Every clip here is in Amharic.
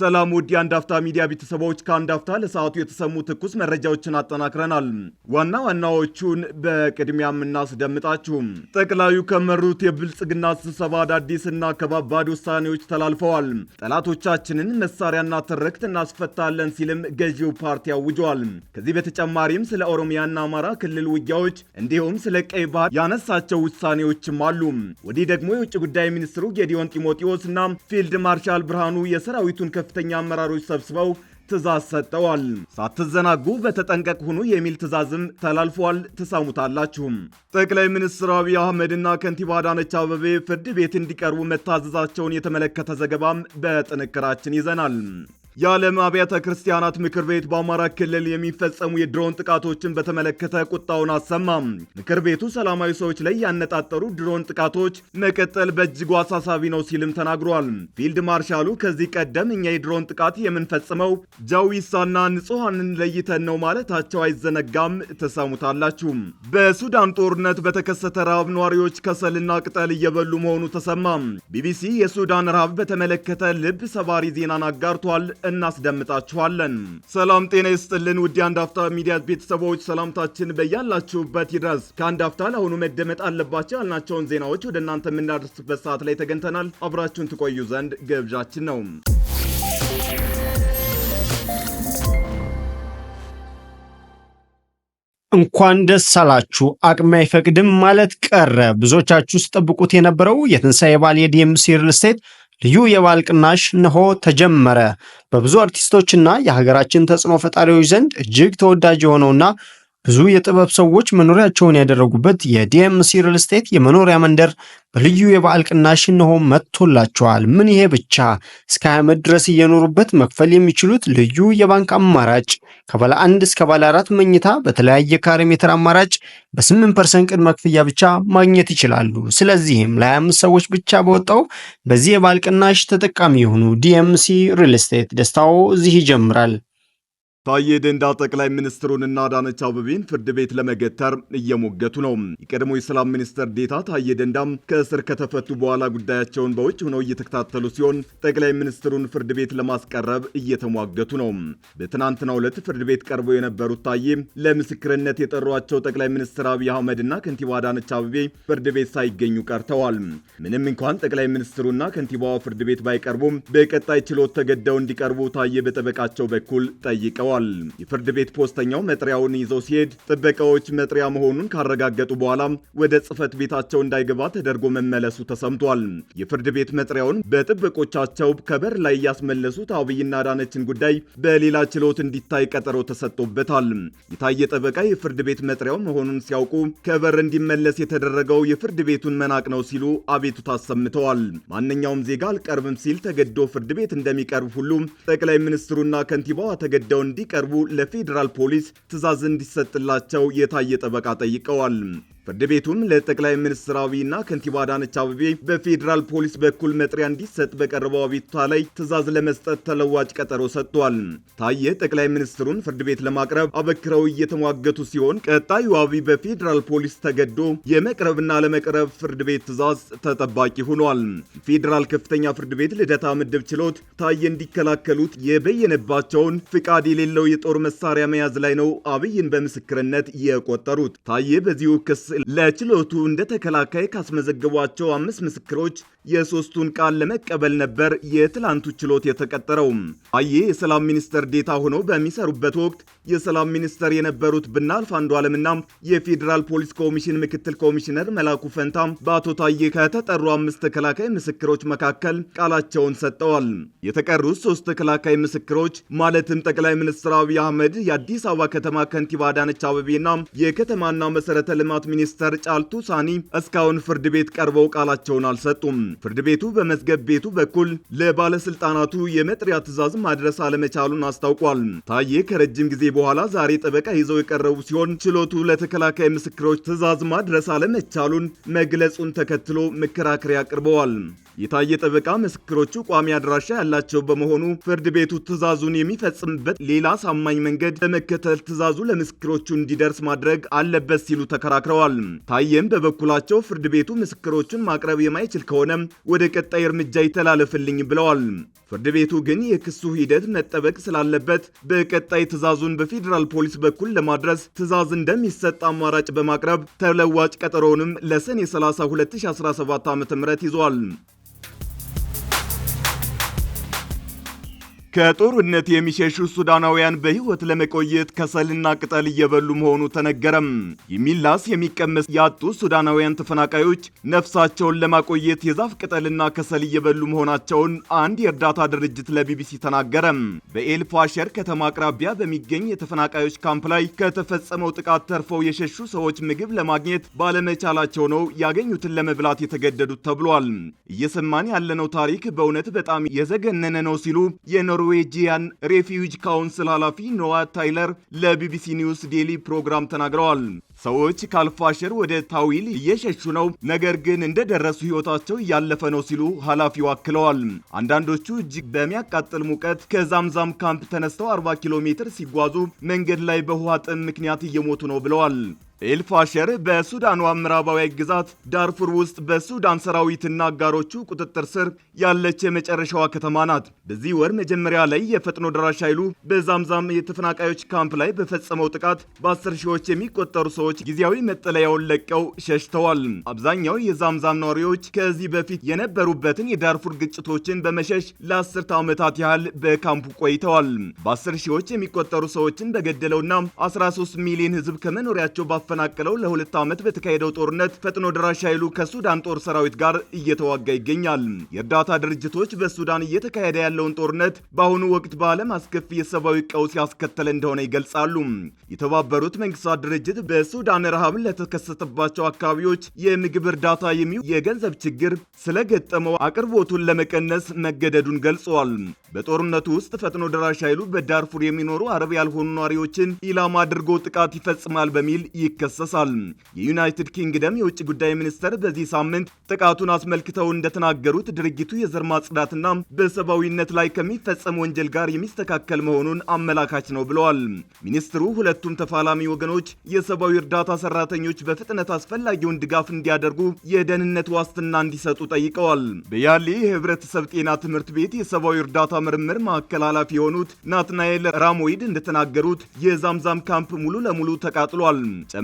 ሰላም ውድ የአንዳፍታ አፍታ ሚዲያ ቤተሰቦች፣ ከአንድ አፍታ ለሰዓቱ የተሰሙ ትኩስ መረጃዎችን አጠናክረናል። ዋና ዋናዎቹን በቅድሚያ የምናስደምጣችሁ፣ ጠቅላዩ ከመሩት የብልጽግና ስብሰባ አዳዲስና ከባባድ ውሳኔዎች ተላልፈዋል። ጠላቶቻችንን መሳሪያና ትርክት እናስፈታለን ሲልም ገዢው ፓርቲ አውጇል። ከዚህ በተጨማሪም ስለ ኦሮሚያና አማራ ክልል ውጊያዎች እንዲሁም ስለ ቀይ ባህር ያነሳቸው ውሳኔዎችም አሉ። ወዲህ ደግሞ የውጭ ጉዳይ ሚኒስትሩ ጌዲዮን ጢሞቴዎስ እና ፊልድ ማርሻል ብርሃኑ የሰራዊቱን ከፍ ከፍተኛ አመራሮች ሰብስበው ትእዛዝ ሰጠዋል። ሳትዘናጉ በተጠንቀቅ ሁኑ የሚል ትእዛዝም ተላልፈዋል። ትሰሙታላችሁም። ጠቅላይ ሚኒስትር አብይ አህመድና ከንቲባ አዳነች አበቤ ፍርድ ቤት እንዲቀርቡ መታዘዛቸውን የተመለከተ ዘገባም በጥንክራችን ይዘናል። የዓለም አብያተ ክርስቲያናት ምክር ቤት በአማራ ክልል የሚፈጸሙ የድሮን ጥቃቶችን በተመለከተ ቁጣውን አሰማም። ምክር ቤቱ ሰላማዊ ሰዎች ላይ ያነጣጠሩ ድሮን ጥቃቶች መቀጠል በእጅጉ አሳሳቢ ነው ሲልም ተናግሯል። ፊልድ ማርሻሉ ከዚህ ቀደም እኛ የድሮን ጥቃት የምንፈጽመው ጃዊሳና ንጹሐንን ለይተን ነው ማለታቸው አይዘነጋም። ተሰሙታላችሁ። በሱዳን ጦርነት በተከሰተ ረሃብ ነዋሪዎች ከሰልና ቅጠል እየበሉ መሆኑ ተሰማ። ቢቢሲ የሱዳን ረሃብ በተመለከተ ልብ ሰባሪ ዜናን አጋርቷል። እናስደምጣችኋለን። ሰላም ጤና ይስጥልን ውድ የአንድ አፍታ ሚዲያ ቤተሰቦች ሰላምታችን በያላችሁበት ይድረስ። ከአንድ አፍታ ለአሁኑ መደመጥ አለባቸው ያልናቸውን ዜናዎች ወደ እናንተ የምናደርስበት ሰዓት ላይ ተገኝተናል። አብራችሁን ትቆዩ ዘንድ ግብዣችን ነው። እንኳን ደስ አላችሁ። አቅም አይፈቅድም ማለት ቀረ። ብዙዎቻችሁ ስጠብቁት የነበረው የትንሣኤ ባል የዲኤምሲ ሪል ስቴት ልዩ የበዓል ቅናሽ እንሆ ተጀመረ። በብዙ አርቲስቶችና የሀገራችን ተጽዕኖ ፈጣሪዎች ዘንድ እጅግ ተወዳጅ የሆነውና ብዙ የጥበብ ሰዎች መኖሪያቸውን ያደረጉበት የዲኤምሲ ሪል ስቴት የመኖሪያ መንደር በልዩ የበዓል ቅናሽ እንሆ መጥቶላቸዋል። ምን ይሄ ብቻ! እስከ ዓመት ድረስ እየኖሩበት መክፈል የሚችሉት ልዩ የባንክ አማራጭ ከባለ አንድ እስከ ባለ አራት መኝታ በተለያየ ካሬ ሜትር አማራጭ በ8% ቅድመ ክፍያ ብቻ ማግኘት ይችላሉ። ስለዚህም ለ25 ሰዎች ብቻ በወጣው በዚህ የበዓል ቅናሽ ተጠቃሚ የሆኑ ዲኤምሲ ሪል ስቴት ደስታው እዚህ ይጀምራል። ታዬ ደንዳ ጠቅላይ ሚኒስትሩንና አዳነች አበቤን ፍርድ ቤት ለመገተር እየሞገቱ ነው። የቀድሞ የሰላም ሚኒስትር ዴታ ታዬ ደንዳም ከእስር ከተፈቱ በኋላ ጉዳያቸውን በውጭ ሆነው እየተከታተሉ ሲሆን ጠቅላይ ሚኒስትሩን ፍርድ ቤት ለማስቀረብ እየተሟገቱ ነው። በትናንትናው ዕለት ፍርድ ቤት ቀርበው የነበሩት ታዬ ለምስክርነት የጠሯቸው ጠቅላይ ሚኒስትር አብይ አህመድና ከንቲባ አዳነች አበቤ ፍርድ ቤት ሳይገኙ ቀርተዋል። ምንም እንኳን ጠቅላይ ሚኒስትሩና ከንቲባዋ ፍርድ ቤት ባይቀርቡም በቀጣይ ችሎት ተገደው እንዲቀርቡ ታዬ በጠበቃቸው በኩል ጠይቀዋል። ተናግረዋል። የፍርድ ቤት ፖስተኛው መጥሪያውን ይዞ ሲሄድ ጥበቃዎች መጥሪያ መሆኑን ካረጋገጡ በኋላ ወደ ጽህፈት ቤታቸው እንዳይገባ ተደርጎ መመለሱ ተሰምቷል። የፍርድ ቤት መጥሪያውን በጥበቆቻቸው ከበር ላይ ያስመለሱት አብይና አዳነችን ጉዳይ በሌላ ችሎት እንዲታይ ቀጠሮ ተሰጥቶበታል። የታየ ጠበቃ የፍርድ ቤት መጥሪያው መሆኑን ሲያውቁ ከበር እንዲመለስ የተደረገው የፍርድ ቤቱን መናቅ ነው ሲሉ አቤቱታ አሰምተዋል። ማንኛውም ዜጋ አልቀርብም ሲል ተገዶ ፍርድ ቤት እንደሚቀርብ ሁሉ ጠቅላይ ሚኒስትሩና ከንቲባዋ ተገደው እንዲ እንዲቀርቡ ለፌዴራል ፖሊስ ትዕዛዝ እንዲሰጥላቸው የታየ ጠበቃ ጠይቀዋል። ፍርድ ቤቱም ለጠቅላይ ሚኒስትር አብይና ከንቲባ አዳነች አበቤ በፌዴራል ፖሊስ በኩል መጥሪያ እንዲሰጥ በቀረበው አቤቱታ ላይ ትዕዛዝ ለመስጠት ተለዋጭ ቀጠሮ ሰጥቷል። ታየ ጠቅላይ ሚኒስትሩን ፍርድ ቤት ለማቅረብ አበክረው እየተሟገቱ ሲሆን፣ ቀጣዩ አብይ በፌዴራል ፖሊስ ተገዶ የመቅረብና ለመቅረብ ፍርድ ቤት ትዕዛዝ ተጠባቂ ሆኗል። ፌዴራል ከፍተኛ ፍርድ ቤት ልደታ ምድብ ችሎት ታየ እንዲከላከሉት የበየነባቸውን ፍቃድ የሌለው የጦር መሳሪያ መያዝ ላይ ነው አብይን በምስክርነት የቆጠሩት። ታየ በዚሁ ክስ ለችሎቱ እንደ ተከላካይ ካስመዘገቧቸው አምስት ምስክሮች የሶስቱን ቃል ለመቀበል ነበር የትላንቱ ችሎት የተቀጠረው። አዬ የሰላም ሚኒስተር ዴታ ሆነው በሚሰሩበት ወቅት የሰላም ሚኒስተር የነበሩት ብናልፍ አንዱ ዓለምና የፌዴራል ፖሊስ ኮሚሽን ምክትል ኮሚሽነር መላኩ ፈንታ በአቶ ታዬ ከተጠሩ አምስት ተከላካይ ምስክሮች መካከል ቃላቸውን ሰጥተዋል። የተቀሩት ሶስት ተከላካይ ምስክሮች ማለትም ጠቅላይ ሚኒስትር አብይ አህመድ፣ የአዲስ አበባ ከተማ ከንቲባ አዳነች አበቤና የከተማና መሰረተ ልማት ሚኒስተር ጫልቱ ሳኒ እስካሁን ፍርድ ቤት ቀርበው ቃላቸውን አልሰጡም። ፍርድ ቤቱ በመዝገብ ቤቱ በኩል ለባለስልጣናቱ የመጥሪያ ትዕዛዝ ማድረስ አለመቻሉን አስታውቋል። ታዬ ከረጅም ጊዜ በኋላ ዛሬ ጠበቃ ይዘው የቀረቡ ሲሆን ችሎቱ ለተከላካይ ምስክሮች ትዕዛዝ ማድረስ አለመቻሉን መግለጹን ተከትሎ መከራከሪያ አቅርበዋል። የታየ ጠበቃ ምስክሮቹ ቋሚ አድራሻ ያላቸው በመሆኑ ፍርድ ቤቱ ትዕዛዙን የሚፈጽምበት ሌላ ሳማኝ መንገድ በመከተል ትዕዛዙ ለምስክሮቹ እንዲደርስ ማድረግ አለበት ሲሉ ተከራክረዋል። ታየም በበኩላቸው ፍርድ ቤቱ ምስክሮቹን ማቅረብ የማይችል ከሆነ ወደ ቀጣይ እርምጃ ይተላለፍልኝ ብለዋል። ፍርድ ቤቱ ግን የክሱ ሂደት መጠበቅ ስላለበት በቀጣይ ትዕዛዙን በፌዴራል ፖሊስ በኩል ለማድረስ ትዕዛዝ እንደሚሰጥ አማራጭ በማቅረብ ተለዋጭ ቀጠሮውንም ለሰኔ 30 2017 ም ይዟል። ከጦርነት የሚሸሹ ሱዳናውያን በህይወት ለመቆየት ከሰልና ቅጠል እየበሉ መሆኑ ተነገረም። የሚላስ የሚቀመስ ያጡ ሱዳናውያን ተፈናቃዮች ነፍሳቸውን ለማቆየት የዛፍ ቅጠልና ከሰል እየበሉ መሆናቸውን አንድ የእርዳታ ድርጅት ለቢቢሲ ተናገረም። በኤልፋሸር ከተማ አቅራቢያ በሚገኝ የተፈናቃዮች ካምፕ ላይ ከተፈጸመው ጥቃት ተርፈው የሸሹ ሰዎች ምግብ ለማግኘት ባለመቻላቸው ነው ያገኙትን ለመብላት የተገደዱት ተብሏል። እየሰማን ያለነው ታሪክ በእውነት በጣም የዘገነነ ነው ሲሉ የኖ የኖርዌጂያን ሬፊዩጅ ካውንስል ኃላፊ ኖዋ ታይለር ለቢቢሲ ኒውስ ዴሊ ፕሮግራም ተናግረዋል። ሰዎች ካልፋሸር ወደ ታዊል እየሸሹ ነው፣ ነገር ግን እንደደረሱ ሕይወታቸው እያለፈ ነው ሲሉ ኃላፊው አክለዋል። አንዳንዶቹ እጅግ በሚያቃጥል ሙቀት ከዛምዛም ካምፕ ተነስተው 40 ኪሎ ሜትር ሲጓዙ መንገድ ላይ በውሃ ጥም ምክንያት እየሞቱ ነው ብለዋል። ኤልፋሸር በሱዳኗ ምዕራባዊ ግዛት ዳርፉር ውስጥ በሱዳን ሰራዊትና አጋሮቹ ቁጥጥር ስር ያለች የመጨረሻዋ ከተማ ናት። በዚህ ወር መጀመሪያ ላይ የፈጥኖ ደራሽ ኃይሉ በዛምዛም የተፈናቃዮች ካምፕ ላይ በፈጸመው ጥቃት በአስር ሺዎች የሚቆጠሩ ሰዎች ጊዜያዊ መጠለያውን ለቀው ሸሽተዋል። አብዛኛው የዛምዛም ነዋሪዎች ከዚህ በፊት የነበሩበትን የዳርፉር ግጭቶችን በመሸሽ ለአስርተ ዓመታት ያህል በካምፑ ቆይተዋል። በአስር ሺዎች የሚቆጠሩ ሰዎችን በገደለውና 13 ሚሊዮን ህዝብ ከመኖሪያቸው ባ። ያፈናቀለው ለሁለት ዓመት በተካሄደው ጦርነት ፈጥኖ ደራሽ ኃይሉ ከሱዳን ጦር ሰራዊት ጋር እየተዋጋ ይገኛል። የእርዳታ ድርጅቶች በሱዳን እየተካሄደ ያለውን ጦርነት በአሁኑ ወቅት በዓለም አስከፊ የሰብአዊ ቀውስ ያስከተለ እንደሆነ ይገልጻሉ። የተባበሩት መንግስታት ድርጅት በሱዳን ረሃብ ለተከሰተባቸው አካባቢዎች የምግብ እርዳታ የሚው የገንዘብ ችግር ስለገጠመው አቅርቦቱን ለመቀነስ መገደዱን ገልጸዋል። በጦርነቱ ውስጥ ፈጥኖ ደራሽ ኃይሉ በዳርፉር የሚኖሩ አረብ ያልሆኑ ነዋሪዎችን ኢላማ አድርጎ ጥቃት ይፈጽማል በሚል ይከሰሳል። የዩናይትድ ኪንግደም የውጭ ጉዳይ ሚኒስተር በዚህ ሳምንት ጥቃቱን አስመልክተው እንደተናገሩት ድርጊቱ የዘር ማጽዳትና በሰብአዊነት ላይ ከሚፈጸም ወንጀል ጋር የሚስተካከል መሆኑን አመላካች ነው ብለዋል። ሚኒስትሩ ሁለቱም ተፋላሚ ወገኖች የሰብአዊ እርዳታ ሰራተኞች በፍጥነት አስፈላጊውን ድጋፍ እንዲያደርጉ የደህንነት ዋስትና እንዲሰጡ ጠይቀዋል። በያሌ የህብረተሰብ ጤና ትምህርት ቤት የሰብአዊ እርዳታ ምርምር ማዕከል ኃላፊ የሆኑት ናትናኤል ራሞይድ እንደተናገሩት የዛምዛም ካምፕ ሙሉ ለሙሉ ተቃጥሏል።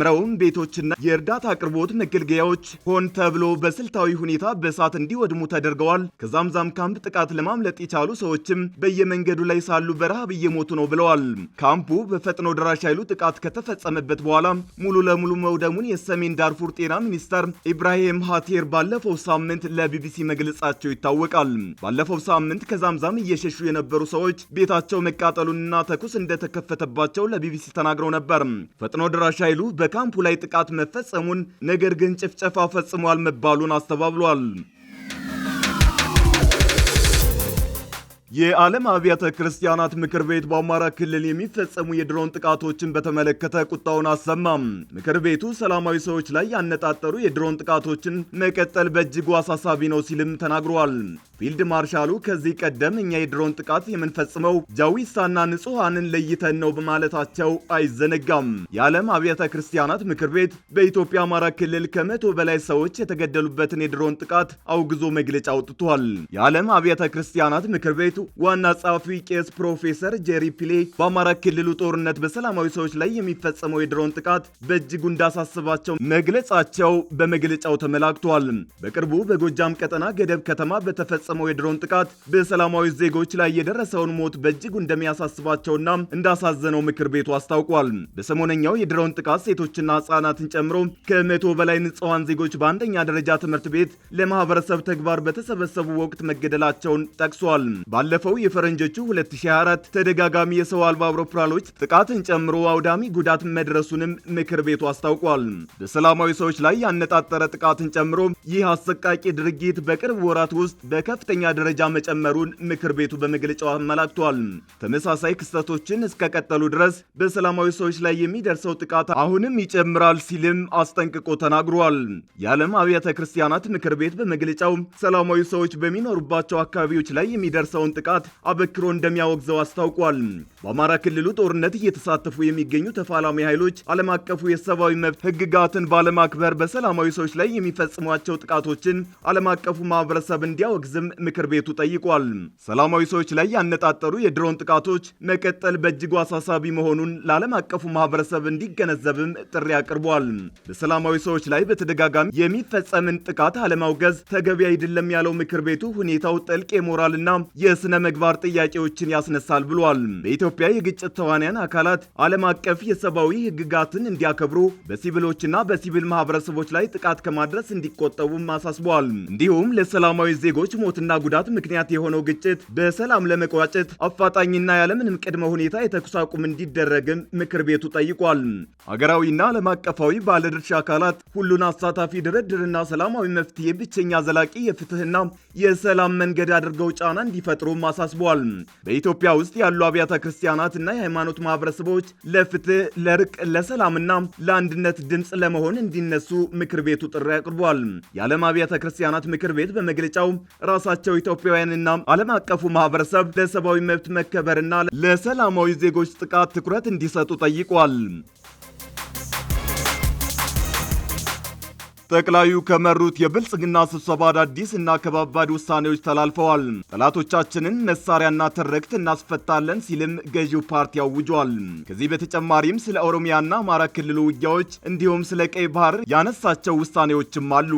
ጨምረውም ቤቶችና የእርዳታ አቅርቦት መገልገያዎች ሆን ተብሎ በስልታዊ ሁኔታ በእሳት እንዲወድሙ ተደርገዋል። ከዛምዛም ካምፕ ጥቃት ለማምለጥ የቻሉ ሰዎችም በየመንገዱ ላይ ሳሉ በረሃብ እየሞቱ ነው ብለዋል። ካምፑ በፈጥኖ ደራሽ ኃይሉ ጥቃት ከተፈጸመበት በኋላ ሙሉ ለሙሉ መውደሙን የሰሜን ዳርፉር ጤና ሚኒስተር ኢብራሂም ሃቴር ባለፈው ሳምንት ለቢቢሲ መግለጻቸው ይታወቃል። ባለፈው ሳምንት ከዛምዛም እየሸሹ የነበሩ ሰዎች ቤታቸው መቃጠሉንና ተኩስ እንደተከፈተባቸው ለቢቢሲ ተናግረው ነበር። ፈጥኖ ደራሽ ኃይሉ በ በካምፑ ላይ ጥቃት መፈጸሙን ነገር ግን ጭፍጨፋ ፈጽሟል መባሉን አስተባብሏል። የዓለም አብያተ ክርስቲያናት ምክር ቤት በአማራ ክልል የሚፈጸሙ የድሮን ጥቃቶችን በተመለከተ ቁጣውን አሰማም። ምክር ቤቱ ሰላማዊ ሰዎች ላይ ያነጣጠሩ የድሮን ጥቃቶችን መቀጠል በእጅጉ አሳሳቢ ነው ሲልም ተናግሯል። ፊልድ ማርሻሉ ከዚህ ቀደም እኛ የድሮን ጥቃት የምንፈጽመው ጃዊሳና ንጹሐንን ለይተን ነው በማለታቸው አይዘነጋም። የዓለም አብያተ ክርስቲያናት ምክር ቤት በኢትዮጵያ አማራ ክልል ከመቶ በላይ ሰዎች የተገደሉበትን የድሮን ጥቃት አውግዞ መግለጫ አውጥቷል። የዓለም አብያተ ክርስቲያናት ምክር ቤት ዋና ጸሐፊው ቄስ ፕሮፌሰር ጄሪ ፒሌ በአማራ ክልሉ ጦርነት በሰላማዊ ሰዎች ላይ የሚፈጸመው የድሮን ጥቃት በእጅጉ እንዳሳስባቸው መግለጻቸው በመግለጫው ተመላክቷል። በቅርቡ በጎጃም ቀጠና ገደብ ከተማ በተፈጸመው የድሮን ጥቃት በሰላማዊ ዜጎች ላይ የደረሰውን ሞት በእጅጉ እንደሚያሳስባቸውና እንዳሳዘነው ምክር ቤቱ አስታውቋል። በሰሞነኛው የድሮን ጥቃት ሴቶችና ህጻናትን ጨምሮ ከመቶ በላይ ንጹሐን ዜጎች በአንደኛ ደረጃ ትምህርት ቤት ለማህበረሰብ ተግባር በተሰበሰቡ ወቅት መገደላቸውን ጠቅሷል። ባለፈው የፈረንጆቹ 2024 ተደጋጋሚ የሰው አልባ አውሮፕላኖች ጥቃትን ጨምሮ አውዳሚ ጉዳት መድረሱንም ምክር ቤቱ አስታውቋል። በሰላማዊ ሰዎች ላይ ያነጣጠረ ጥቃትን ጨምሮ ይህ አሰቃቂ ድርጊት በቅርብ ወራት ውስጥ በከፍተኛ ደረጃ መጨመሩን ምክር ቤቱ በመግለጫው አመላክቷል። ተመሳሳይ ክስተቶችን እስከቀጠሉ ድረስ በሰላማዊ ሰዎች ላይ የሚደርሰው ጥቃት አሁንም ይጨምራል ሲልም አስጠንቅቆ ተናግሯል። የዓለም አብያተ ክርስቲያናት ምክር ቤት በመግለጫው ሰላማዊ ሰዎች በሚኖሩባቸው አካባቢዎች ላይ የሚደርሰውን ጥቃት አበክሮ እንደሚያወግዘው አስታውቋል። በአማራ ክልሉ ጦርነት እየተሳተፉ የሚገኙ ተፋላሚ ኃይሎች ዓለም አቀፉ የሰብአዊ መብት ሕግጋትን ባለማክበር በሰላማዊ ሰዎች ላይ የሚፈጽሟቸው ጥቃቶችን ዓለም አቀፉ ማህበረሰብ እንዲያወግዝም ምክር ቤቱ ጠይቋል። ሰላማዊ ሰዎች ላይ ያነጣጠሩ የድሮን ጥቃቶች መቀጠል በእጅጉ አሳሳቢ መሆኑን ለዓለም አቀፉ ማህበረሰብ እንዲገነዘብም ጥሪ አቅርቧል። በሰላማዊ ሰዎች ላይ በተደጋጋሚ የሚፈጸምን ጥቃት አለማውገዝ ተገቢ አይደለም ያለው ምክር ቤቱ ሁኔታው ጥልቅ የሞራልና የስ የስነ ምግባር ጥያቄዎችን ያስነሳል ብሏል። በኢትዮጵያ የግጭት ተዋንያን አካላት ዓለም አቀፍ የሰብአዊ ህግጋትን እንዲያከብሩ በሲቪሎችና በሲቪል ማህበረሰቦች ላይ ጥቃት ከማድረስ እንዲቆጠቡም አሳስበዋል። እንዲሁም ለሰላማዊ ዜጎች ሞትና ጉዳት ምክንያት የሆነው ግጭት በሰላም ለመቋጨት አፋጣኝና ያለምንም ቅድመ ሁኔታ የተኩስ አቁም እንዲደረግም ምክር ቤቱ ጠይቋል። አገራዊና ዓለም አቀፋዊ ባለድርሻ አካላት ሁሉን አሳታፊ ድርድርና ሰላማዊ መፍትሄ ብቸኛ ዘላቂ የፍትህና የሰላም መንገድ አድርገው ጫና እንዲፈጥሩም መሆኑንም አሳስበዋል። በኢትዮጵያ ውስጥ ያሉ አብያተ ክርስቲያናት እና የሃይማኖት ማህበረሰቦች ለፍትህ፣ ለእርቅ፣ ለሰላምና ለአንድነት ድምፅ ለመሆን እንዲነሱ ምክር ቤቱ ጥሪ አቅርቧል። የዓለም አብያተ ክርስቲያናት ምክር ቤት በመግለጫው ራሳቸው ኢትዮጵያውያንና ዓለም አቀፉ ማህበረሰብ ለሰብአዊ መብት መከበርና ለሰላማዊ ዜጎች ጥቃት ትኩረት እንዲሰጡ ጠይቋል። ጠቅላዩ ከመሩት የብልጽግና ስብሰባ አዳዲስ እና ከባባድ ውሳኔዎች ተላልፈዋል። ጠላቶቻችንን መሳሪያና ትርክት እናስፈታለን ሲልም ገዢው ፓርቲ አውጇል። ከዚህ በተጨማሪም ስለ ኦሮሚያና አማራ ክልሉ ውጊያዎች እንዲሁም ስለ ቀይ ባህር ያነሳቸው ውሳኔዎችም አሉ።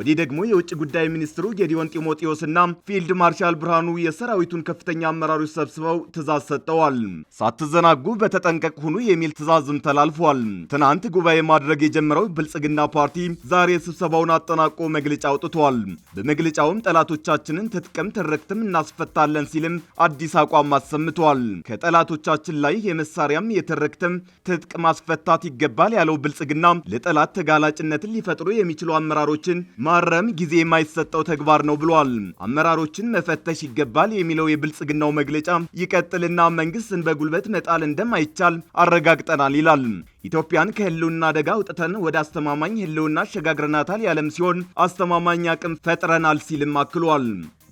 ወዲህ ደግሞ የውጭ ጉዳይ ሚኒስትሩ ጌዲዮን ጢሞቴዎስና ፊልድ ማርሻል ብርሃኑ የሰራዊቱን ከፍተኛ አመራሮች ሰብስበው ትእዛዝ ሰጥተዋል። ሳትዘናጉ በተጠንቀቅ ሁኑ የሚል ትእዛዝም ተላልፏል። ትናንት ጉባኤ ማድረግ የጀመረው ብልጽግና ፓርቲ ዛሬ ስብሰባውን አጠናቆ መግለጫ አውጥቷል። በመግለጫውም ጠላቶቻችንን ትጥቅም ትርክትም እናስፈታለን ሲልም አዲስ አቋም አሰምቷል። ከጠላቶቻችን ላይ የመሳሪያም የትርክትም ትጥቅ ማስፈታት ይገባል ያለው ብልጽግና ለጠላት ተጋላጭነትን ሊፈጥሩ የሚችሉ አመራሮችን ማረም ጊዜ የማይሰጠው ተግባር ነው ብሏል። አመራሮችን መፈተሽ ይገባል የሚለው የብልጽግናው መግለጫ ይቀጥልና መንግስትን በጉልበት መጣል እንደማይቻል አረጋግጠናል ይላል። ኢትዮጵያን ከህልውና አደጋ አውጥተን ወደ አስተማማኝ ህልውና አሸጋግረናታል ያለም ሲሆን አስተማማኝ አቅም ፈጥረናል ሲልም አክሏል።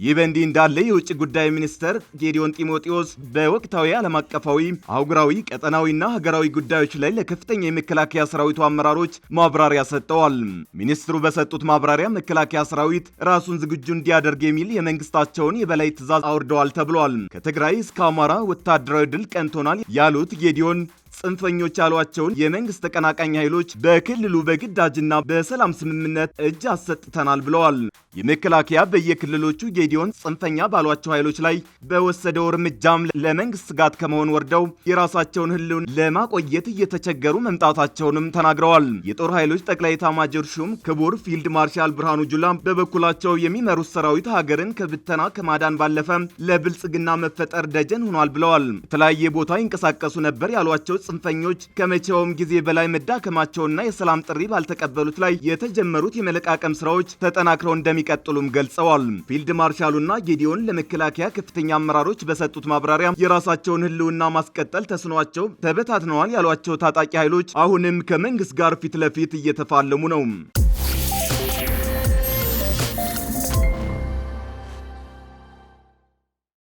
ይህ በእንዲህ እንዳለ የውጭ ጉዳይ ሚኒስትር ጌዲዮን ጢሞቴዎስ በወቅታዊ ዓለም አቀፋዊ፣ አህጉራዊ፣ ቀጠናዊና ሀገራዊ ጉዳዮች ላይ ለከፍተኛ የመከላከያ ሰራዊቱ አመራሮች ማብራሪያ ሰጥተዋል። ሚኒስትሩ በሰጡት ማብራሪያ መከላከያ ሰራዊት ራሱን ዝግጁ እንዲያደርግ የሚል የመንግስታቸውን የበላይ ትዕዛዝ አውርደዋል ተብሏል። ከትግራይ እስከ አማራ ወታደራዊ ድል ቀንቶናል ያሉት ጌዲዮን ጽንፈኞች ያሏቸውን የመንግስት ተቀናቃኝ ኃይሎች በክልሉ በግዳጅና በሰላም ስምምነት እጅ አሰጥተናል ብለዋል። የመከላከያ በየክልሎቹ ጌዲዮን ጽንፈኛ ባሏቸው ኃይሎች ላይ በወሰደው እርምጃም ለመንግስት ስጋት ከመሆን ወርደው የራሳቸውን ህልውን ለማቆየት እየተቸገሩ መምጣታቸውንም ተናግረዋል። የጦር ኃይሎች ጠቅላይ ኤታማዦር ሹም ክቡር ፊልድ ማርሻል ብርሃኑ ጁላ በበኩላቸው የሚመሩት ሰራዊት ሀገርን ከብተና ከማዳን ባለፈ ለብልጽግና መፈጠር ደጀን ሆኗል ብለዋል። የተለያየ ቦታ ይንቀሳቀሱ ነበር ያሏቸው ጽንፈኞች ከመቼውም ጊዜ በላይ መዳከማቸውና የሰላም ጥሪ ባልተቀበሉት ላይ የተጀመሩት የመለቃቀም ስራዎች ተጠናክረው እንደሚ እንደሚቀጥሉም ገልጸዋል። ፊልድ ማርሻሉና ጌዲዮን ለመከላከያ ከፍተኛ አመራሮች በሰጡት ማብራሪያ የራሳቸውን ህልውና ማስቀጠል ተስኗቸው ተበታትነዋል ያሏቸው ታጣቂ ኃይሎች አሁንም ከመንግስት ጋር ፊት ለፊት እየተፋለሙ ነው።